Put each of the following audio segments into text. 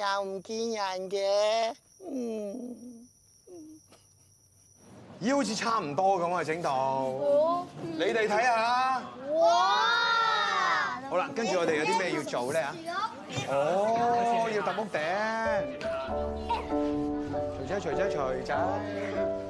又唔見人嘅，嗯，咦，好似差唔多咁啊，整到，你哋睇下，哇，好啦，跟住我哋有啲咩要做咧嚇？哦，要揼屋頂，除仔除仔除仔。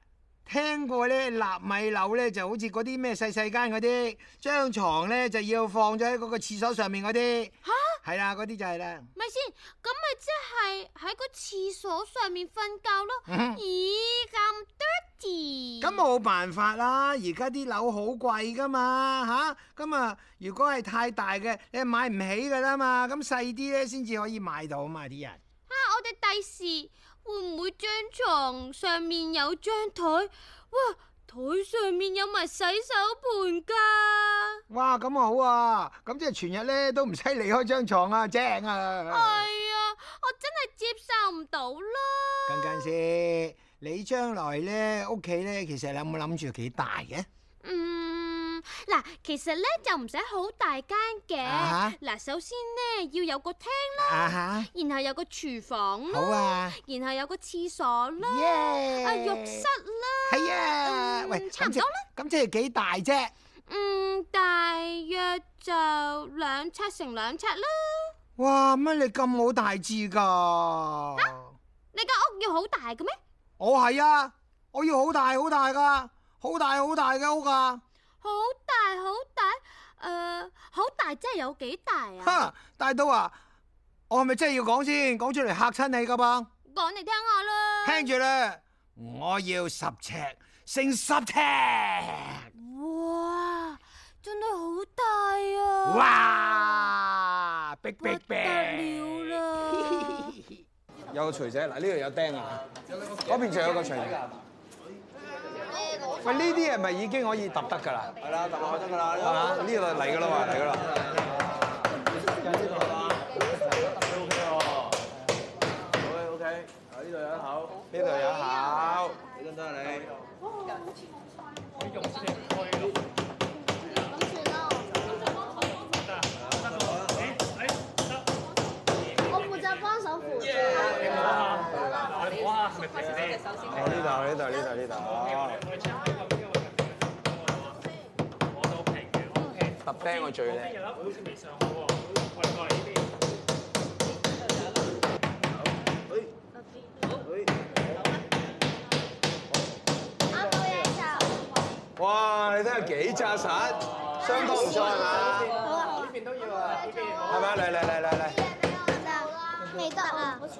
聽過咧，納米樓咧就好似嗰啲咩細細間嗰啲，張床咧就要放咗喺嗰個廁所上面嗰啲，係啦，嗰啲、啊、就係啦。咪先，咁咪即係喺個廁所上面瞓覺咯？咦、嗯，咁 dirty！咁冇辦法啦，而家啲樓好貴噶嘛，吓咁啊！如果係太大嘅，你買唔起噶啦嘛，咁細啲咧先至可以買到嘛啲人。啊，我哋第時。會唔會張床上面有張台？哇，台上面有埋洗手盆噶哇，咁啊好啊，咁即係全日咧都唔使離開張床啊，正啊！係、哎、啊，我真係接受唔到咯。近近先，你將來咧屋企咧，其實你有冇諗住幾大嘅？嗯。嗱，其實咧就唔使好大間嘅。嗱、uh -huh?，首先咧要有個廳啦，uh -huh? 然後有個廚房咯，uh -huh? 然後有個廁所啦、uh -huh. 所 yeah. 浴室啦。係、yeah. 啊、嗯，喂，差唔多啦。咁即係幾大啫？嗯，大約就兩尺乘兩尺啦。哇，乜你咁好大志噶、啊？你間屋要好大嘅咩？我、oh, 係啊，我要好大好大噶，好大好大嘅屋啊！好大好大，誒，好、呃、大真係有幾大啊？大刀啊，我係咪真係要講先？講出嚟嚇親你噶？講你聽下啦。聽住啦，我要十尺，成十尺。哇，真係好大啊！哇，big big big，不得了啦！不得了啦 有個錘仔，嗱呢度有釘啊，嗰邊仲有個錘仔。啊喂，呢啲係咪已經可以揼得㗎啦？係啦，揼得開得㗎啦，係嘛？呢度嚟㗎啦嘛，嚟㗎啦。揼得 OK 喎，好啊，OK。啊，呢度有一口，呢度有一口，幾準得啊你？好乾脆，好乾脆。我呢度，呢度，呢度，呢度。揼 band 我最叻。哇，你睇下幾扎實，相當唔錯係咪？好啊，好啊，呢邊都要啊，呢邊。阿媽嚟嚟嚟嚟嚟。未得啊，好似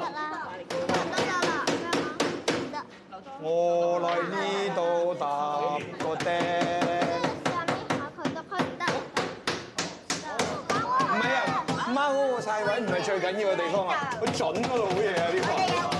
得啦。我來呢度搭個釘唔係啊，貓嗰個細位唔係最緊要嘅地方啊，佢準嗰度好嘢啊呢個。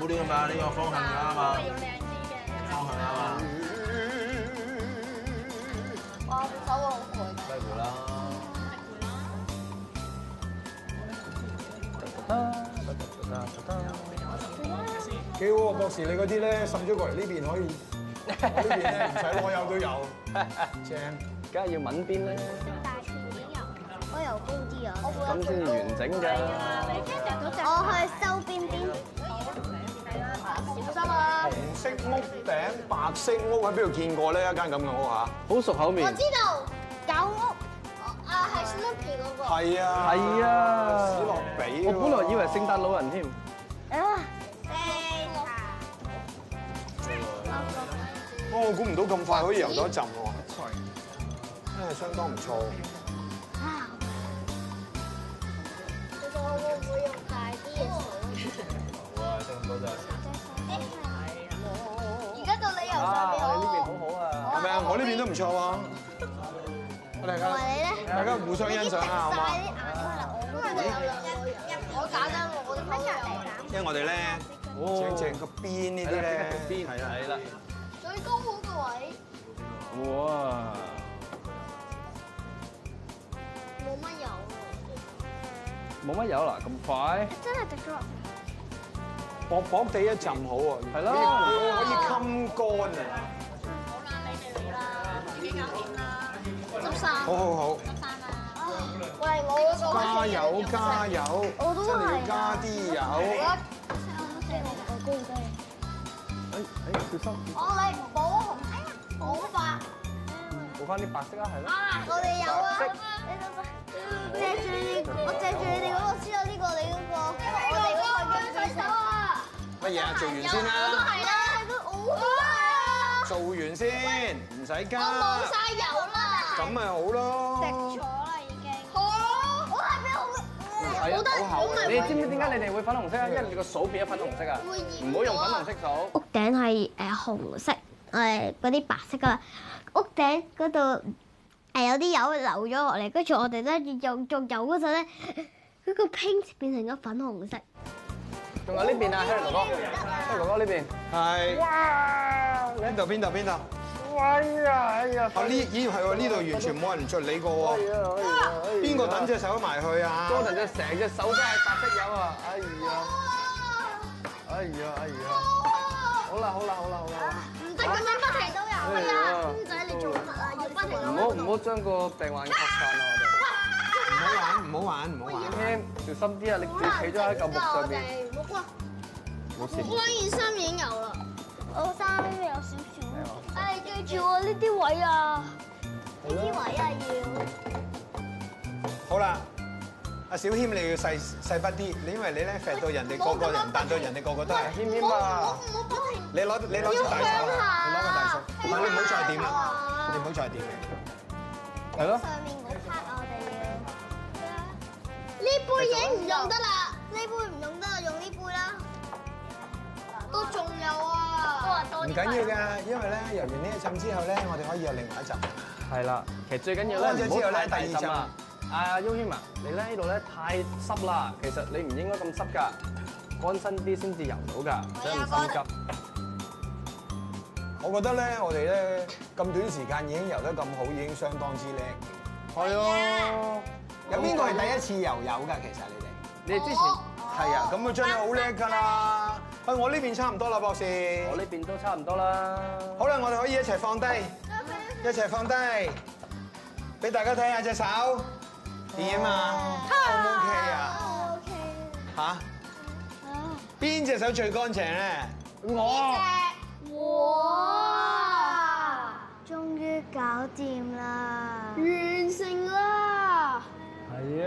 冇啲㗎嘛，呢個方向啦嘛，要靚啲嘅方向啦嘛。哇，隻手我好攰。梗係攰啦。攰啦。幾好啊！到時你嗰啲咧，送咗過嚟呢邊可以，我呢邊咧唔使攞油都有。正，家下要揾邊啦。要大條啲油，可以油高啲啊。咁先至完整嘅。我去收邊邊。紅色屋頂，白色屋喺邊度見過呢？一間咁嘅屋吓，好熟口面。我知道，狗屋啊，係史諾比嗰個。係啊，係啊，史諾比。我本來以為聖誕老人添。啊，我估唔到咁快可以游到一浸喎，真係相當唔錯。我呢邊好好啊，係咪啊？我呢邊都唔錯喎。大家互相欣賞啦，係嘛？我簡單，我因為我哋咧，正正個邊呢啲咧，係啦，係啦。最高嗰個位。哇！冇乜油。冇乜油啦，咁快。真係得嘅。薄薄地一浸好喎，係啦，可以襟乾啊！好啦，你哋嚟啦，自己搞掂啦，執晒。好好好，執晒啦！喂，我嗰個。加油加油！我都係。加啲油。四六個公雞。哎哎，小心！我嚟補紅，哎呀，補白。補翻啲白色啊，係啦。啊，我哋有啊。色，你做乜？借住我借住你哋嗰個先啊，呢個你嗰個，我哋嗰個嘅水手。嘢啊，做完先啦！我都係啦，都好快啊！做完先，唔使加。我冇曬油啦！咁咪好咯，食咗啦已經。好，我係邊好？我我得好明。你知唔知點解你哋會粉紅色啊？因為你個手變咗粉紅色啊！唔好用粉紅色手。屋頂係誒紅色誒嗰啲白色㗎喇，屋頂嗰度誒有啲油流咗落嚟，跟住我哋咧用作油嗰陣咧，嗰個拼變成咗粉紅色。仲有呢邊啊，Harry 哥哥，Harry 哥哥呢邊，係。邊度邊度邊度？哎呀哎呀！啊呢呢係喎，呢度完全冇人著你個喎。哎呀哎呀！邊個等隻手埋去啊？Jordan 隻成隻手都係白色油啊！哎呀！哎呀哎呀！好啦好啦好啦好啦！唔使咁樣不停都有啊！墩仔你做乜啊？要不停咁樣。唔好唔好將個病患擴散啊。我哋唔好玩唔好玩唔好玩！小心啲啊！你自己企咗喺嚿木上面。哇以！我二三影有啦，我衫呢邊有少少。唉，記住喎，呢啲位啊，呢啲位啊要好。好啦，阿小謙你要細細筆啲，因為你咧肥到人哋個個人，彈到人哋個個都係謙謙啊！好好好波，你攞你攞出大你攞個大手。唔好再掂啦，你唔好再掂。係咯。你再你再你再上面好 p a 我哋要。呢杯嘢唔用得啦，呢杯。我仲有啊，唔緊要㗎，因為咧油完呢一浸之後咧，我哋可以油另外一浸。係啦，其實最緊要温咗之後咧，第二浸啦。啊，Uman，你咧呢度咧太濕啦，其實你唔應該咁濕㗎，乾身啲先至油到㗎，唔使心急。我覺得咧，我哋咧咁短時間已經油得咁好，已經相當之叻。係囉，有邊個係第一次油油㗎？其實你哋，你哋之前係啊，咁佢將你好叻㗎啦。我呢邊差唔多啦，博士我這。我呢邊都差唔多啦。好啦，我哋可以一齊放低，一齊放低，俾大家睇下隻手點啊？O K 啊？嚇？邊隻手最乾淨咧？我隻。哇！終於搞掂啦，完成啦。係啊。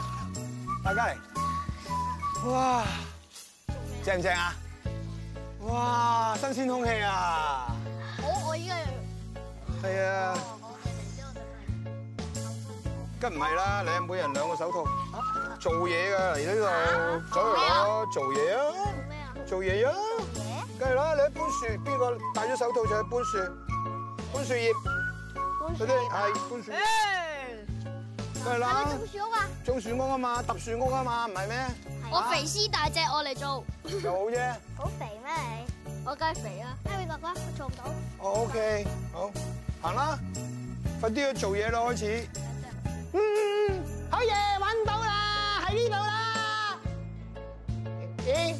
大家嚟，哇，正唔正啊？哇，新鮮空氣啊！我我依家去。係啊。梗唔係啦，你每人兩個手套。做嘢㗎，嚟到呢度，走嚟咯，做嘢啊！做咩啊？做嘢啊！梗係啦，你搬樹，邊個戴咗手套就去搬樹，搬樹葉。搬樹葉。係，搬樹葉。係咪你做樹屋啊？種樹屋啊嘛，揼樹屋啊嘛，唔係咩？我肥屍大隻，我嚟做。做好啫。好肥咩你？我梗係肥啊！阿、哎、Harry 哥哥，我做唔到。O、oh, K、okay. 好，行啦，快啲去做嘢咯，開始。嗯，好嘢，揾到啦，喺呢度啦。咦、欸？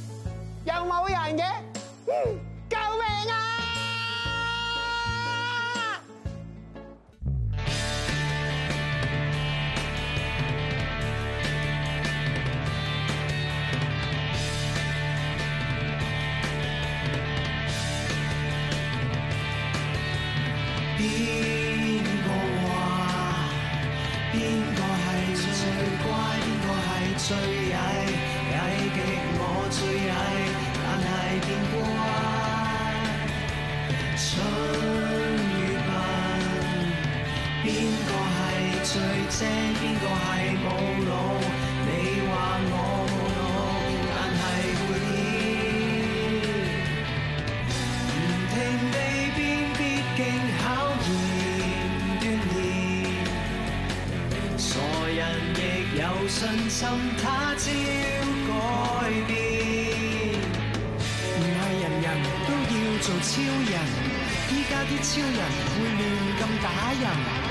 又冇人嘅？救命啊！最正邊個係無腦？是你話我冇腦，但係會演。唔停地辨別必經考驗鍛煉，傻人亦有信心，他朝改變。唔係人人都要做超人，依家啲超人會亂咁打人。